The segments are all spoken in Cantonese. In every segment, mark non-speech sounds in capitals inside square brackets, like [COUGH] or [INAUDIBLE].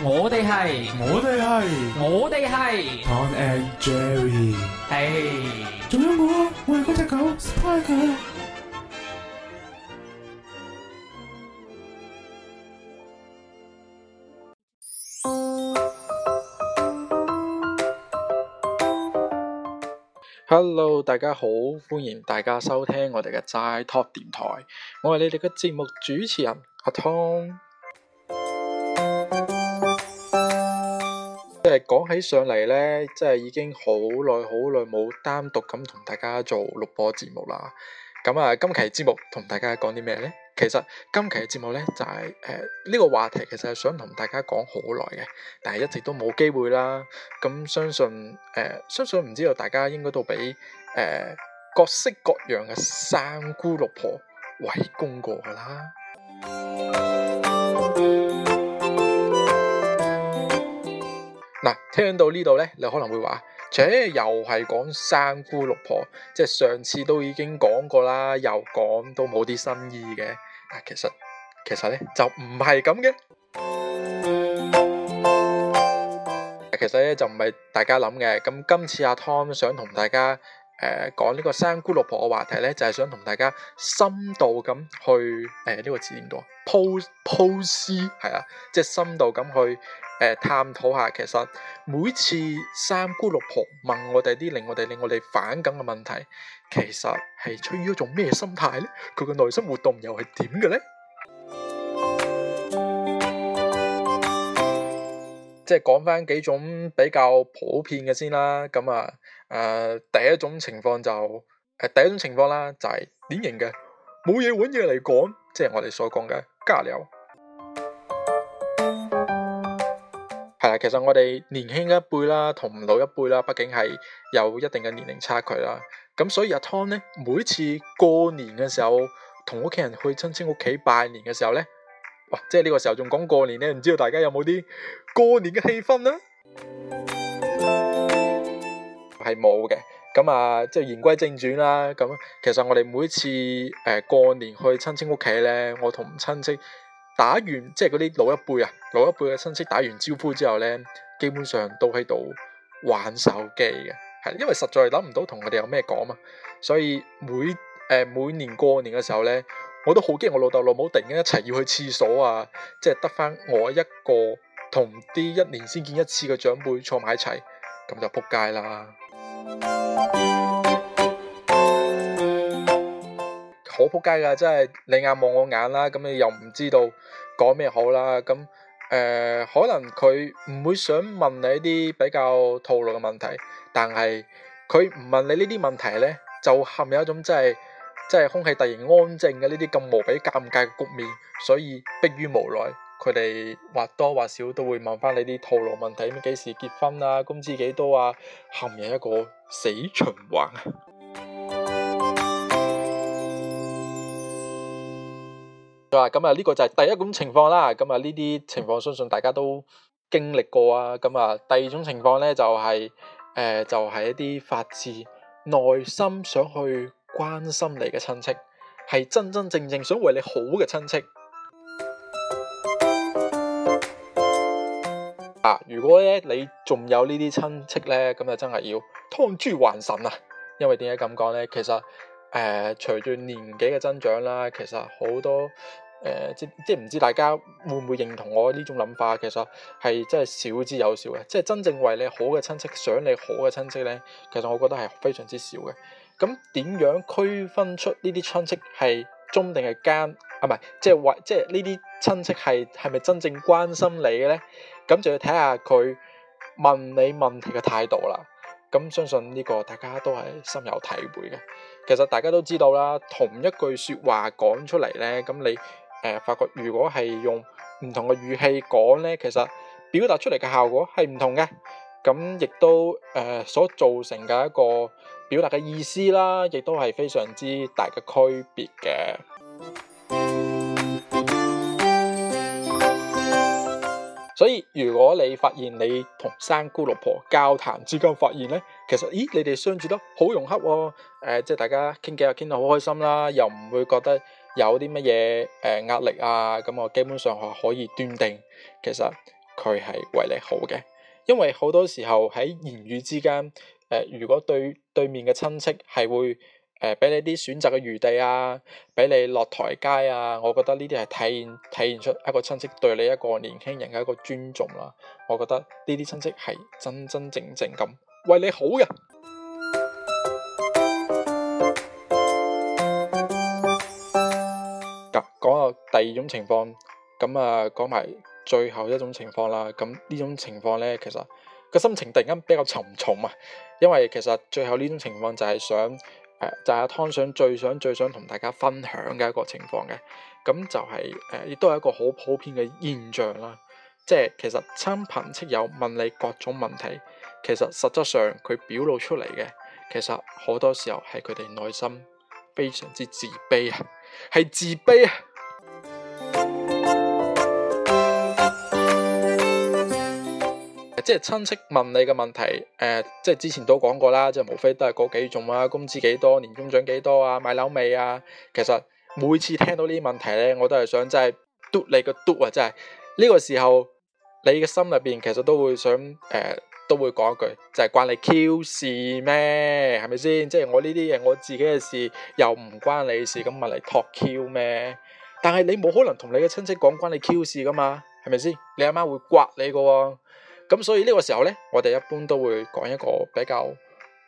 我哋係，我哋係，我哋係。Tom and Jerry，係 Hey。仲有我，我係嗰隻狗，Spiker。Sp Hello，大家好，歡迎大家收聽我哋嘅齋 Talk 電台，我係你哋嘅節目主持人阿 Tom。即係講起上嚟咧，即係已經好耐好耐冇單獨咁同大家做錄播節目啦。咁啊，今期節目同大家講啲咩呢？其實今期嘅節目咧就係誒呢個話題，其實係想同大家講好耐嘅，但係一直都冇機會啦。咁相信誒，相信唔、呃、知道大家應該都俾誒、呃、各式各樣嘅三姑六婆圍攻過噶啦。啊、聽到這裏呢度咧，你可能會話，切，又係講三姑六婆，即係上次都已經講過啦，又講都冇啲新意嘅。啊，其實其實咧就唔係咁嘅。其實咧就唔係 [MUSIC] 大家諗嘅。咁今次阿、啊、Tom 想同大家。誒、呃，講呢個三姑六婆嘅話題咧，就係、是、想同大家深度咁去誒、呢、呃這個字點讀啊？剖、剖析係啦，即係深度咁去誒、呃、探討下，其實每次三姑六婆問我哋啲令我哋令我哋反感嘅問題，其實係出於一種咩心態咧？佢嘅內心活動又係點嘅咧？即係講翻幾種比較普遍嘅先啦，咁啊。誒、呃，第一種情況就誒、呃，第一種情況啦，就係典型嘅冇嘢揾嘢嚟講，即係我哋所講嘅加油。係啦， [MUSIC] 其實我哋年輕一輩啦，同老一輩啦，畢竟係有一定嘅年齡差距啦。咁所以阿 Tom 咧，每次過年嘅時候，同屋企人去親戚屋企拜年嘅時候咧，哇，即係呢個時候仲講過年咧，唔知道大家有冇啲過年嘅氣氛呢？係冇嘅咁啊，即係言歸正傳啦。咁其實我哋每次誒、呃、過年去親戚屋企咧，我同親戚打完即係嗰啲老一輩啊，老一輩嘅親戚打完招呼之後咧，基本上都喺度玩手機嘅，係因為實在諗唔到同佢哋有咩講啊，所以每誒、呃、每年過年嘅時候咧，我都好驚我老豆老母突然間一齊要去廁所啊，即係得翻我一個同啲一年先見一次嘅長輩坐埋一齊，咁就撲街啦。好仆街噶，即係你眼望我眼啦，咁你又唔知道講咩好啦，咁誒，可能佢唔會想問你啲比較套路嘅問題，但係佢唔問你呢啲問題咧，就含有一種即係即係空氣突然安靜嘅呢啲咁無比尷尬嘅局面，所以迫於無奈。佢哋或多或少都會問翻你啲套路問題，咁幾時結婚啊？工資幾多啊？陷入一個死循環啊！咁啊，呢 [MUSIC] 個就係第一種情況啦。咁啊，呢啲情況相信大家都經歷過啊。咁啊，第二種情況呢，就係呃，就係誒，就係一啲發自內心想去關心你嘅親戚，係真真正正想為你好嘅親戚。啊、如果咧你仲有呢啲親戚咧，咁就真係要劏豬還神啊！因為點解咁講咧？其實誒，隨、呃、住年紀嘅增長啦，其實好多誒、呃，即即唔知大家會唔會認同我呢種諗法？其實係真係少之又少嘅，即係真正為你好嘅親戚、想你好嘅親戚咧，其實我覺得係非常之少嘅。咁點樣區分出呢啲親戚係忠定係奸？啊，唔係即係為即係呢啲？親戚係係咪真正關心你咧？咁就要睇下佢問你問題嘅態度啦。咁相信呢個大家都係深有體會嘅。其實大家都知道啦，同一句說話講出嚟咧，咁你誒發覺如果係用唔同嘅語氣講咧，其實表達出嚟嘅效果係唔同嘅。咁亦都誒所造成嘅一個表達嘅意思啦，亦都係非常之大嘅區別嘅。如果你發現你同三姑六婆交談之間發現咧，其實咦你哋相處得好融洽喎，哦呃，即係大家傾偈又傾得好開心啦，又唔會覺得有啲乜嘢誒壓力啊，咁我基本上係可以斷定，其實佢係為你好嘅，因為好多時候喺言語之間，誒、呃、如果對對面嘅親戚係會。誒，俾你啲選擇嘅餘地啊，俾你落台階啊，我覺得呢啲係體現體現出一個親戚對你一個年輕人嘅一個尊重啦。我覺得呢啲親戚係真真正正咁為你好嘅。咁 [MUSIC] 講下第二種情況，咁啊講埋最後一種情況啦。咁呢種情況呢，其實個心情突然間比較沉重啊，因為其實最後呢種情況就係想。誒、啊，就係、是、阿、啊、湯想最想最想同大家分享嘅一個情況嘅，咁就係、是、誒，亦、啊、都係一個好普遍嘅現象啦。即係其實親朋戚友問你各種問題，其實實質上佢表露出嚟嘅，其實好多時候係佢哋內心非常之自、自卑啊，係自卑啊。即係親戚問你嘅問題，誒，即係之前都講過啦，即係無非都係嗰幾種啊，工資幾多，年終獎幾多啊，買樓未啊？其實每次聽到呢啲問題咧，我都係想真係嘟你個嘟啊！真係呢個時候，你嘅心入邊其實都會想，誒，都會講一句，就係關你 q 事咩？係咪先？即係我呢啲嘢，我自己嘅事又唔關你事，咁咪嚟托 q 咩？但係你冇可能同你嘅親戚講關你 q 事噶嘛？係咪先？你阿媽會刮你噶。咁所以呢個時候呢，我哋一般都會講一個比較、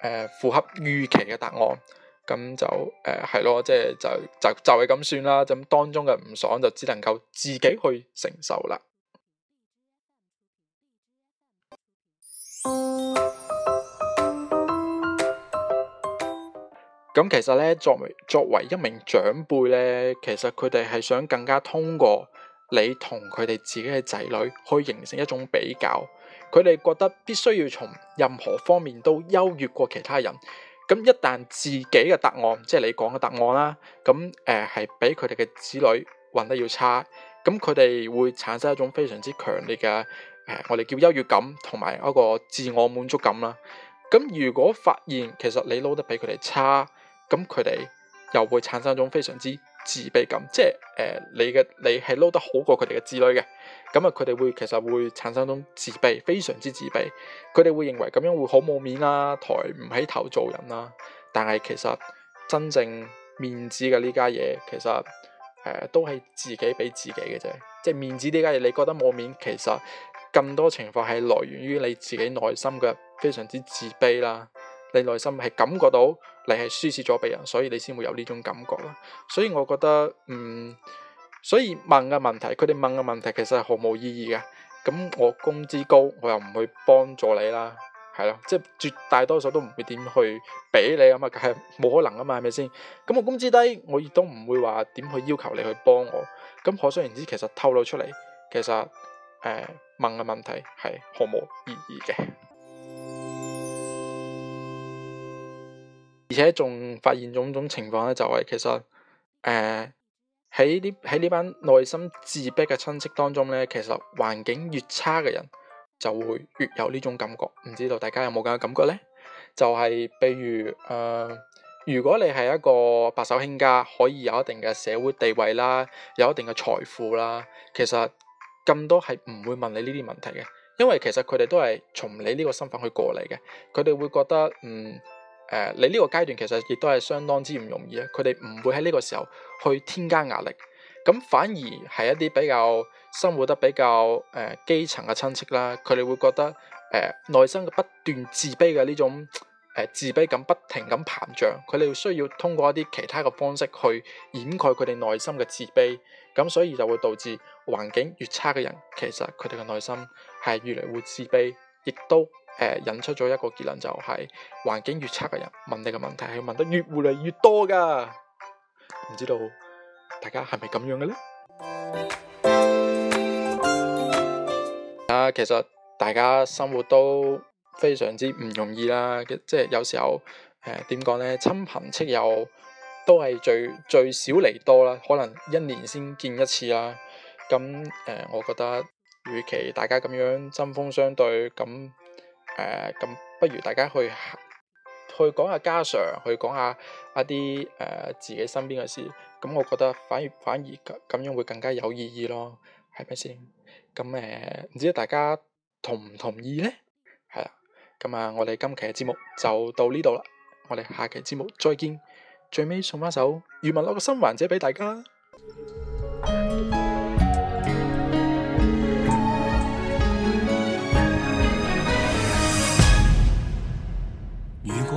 呃、符合預期嘅答案，咁就誒係咯，即、呃、係就就就係咁算啦。咁當中嘅唔爽就只能夠自己去承受啦。咁、嗯、其實呢，作為作為一名長輩呢，其實佢哋係想更加通過你同佢哋自己嘅仔女，去形成一種比較。佢哋覺得必須要從任何方面都優越過其他人，咁一旦自己嘅答案，即係你講嘅答案啦，咁誒係比佢哋嘅子女混得要差，咁佢哋會產生一種非常之強烈嘅誒、呃，我哋叫優越感同埋一個自我滿足感啦。咁如果發現其實你撈得比佢哋差，咁佢哋又會產生一種非常之。自卑感，即係誒、呃、你嘅你係撈得好過佢哋嘅子女嘅，咁啊佢哋會其實會產生一種自卑，非常之自卑。佢哋會認為咁樣會好冇面啦，抬唔起頭做人啦。但係其實真正面子嘅呢家嘢，其實誒、呃、都係自己俾自己嘅啫。即係面子呢家嘢，你覺得冇面，其實更多情況係來源於你自己內心嘅非常之自卑啦。你內心係感覺到你係輸蝕咗俾人，所以你先會有呢種感覺啦。所以我覺得，嗯，所以問嘅問題，佢哋問嘅問題其實係毫無意義嘅。咁我工資高，我又唔會幫助你啦，係咯，即係絕大多數都唔會點去俾你啊嘛，係冇可能噶嘛，係咪先？咁我工資低，我亦都唔會話點去要求你去幫我。咁可想而知，其實透露出嚟，其實誒、呃、問嘅問題係毫無意義嘅。而且仲發現種種情況咧，就係、是、其實誒喺呢喺呢班內心自卑嘅親戚當中咧，其實環境越差嘅人就會越有呢種感覺。唔知道大家有冇咁嘅感覺呢？就係、是、譬如誒、呃，如果你係一個白手興家，可以有一定嘅社會地位啦，有一定嘅財富啦，其實咁多係唔會問你呢啲問題嘅，因為其實佢哋都係從你呢個身份去過嚟嘅，佢哋會覺得嗯。誒、呃，你呢個階段其實亦都係相當之唔容易啊！佢哋唔會喺呢個時候去添加壓力，咁反而係一啲比較生活得比較誒、呃、基層嘅親戚啦，佢哋會覺得誒、呃、內心嘅不斷自卑嘅呢種誒、呃、自卑感不停咁膨脹，佢哋會需要通過一啲其他嘅方式去掩蓋佢哋內心嘅自卑，咁所以就會導致環境越差嘅人，其實佢哋嘅內心係越嚟越自卑，亦都。引出咗一個結論，就係環境越差嘅人問你嘅問題係問得越嚟越多噶。唔知道大家係咪咁樣嘅咧？啊，其實大家生活都非常之唔容易啦。即係有時候誒點講呢，親朋戚友都係最最少嚟多啦，可能一年先見一次啦。咁誒，我覺得與其大家咁樣針鋒相對咁。誒，咁不如大家去去講下家常，去講下一啲誒自己身邊嘅事，咁我覺得反而反而咁樣會更加有意義咯，係咪先？咁誒，唔知大家同唔同意呢？係啦，咁啊，我哋今期嘅節目就到呢度啦，我哋下期節目再見，最尾送翻首余文樂嘅《新還者》俾大家。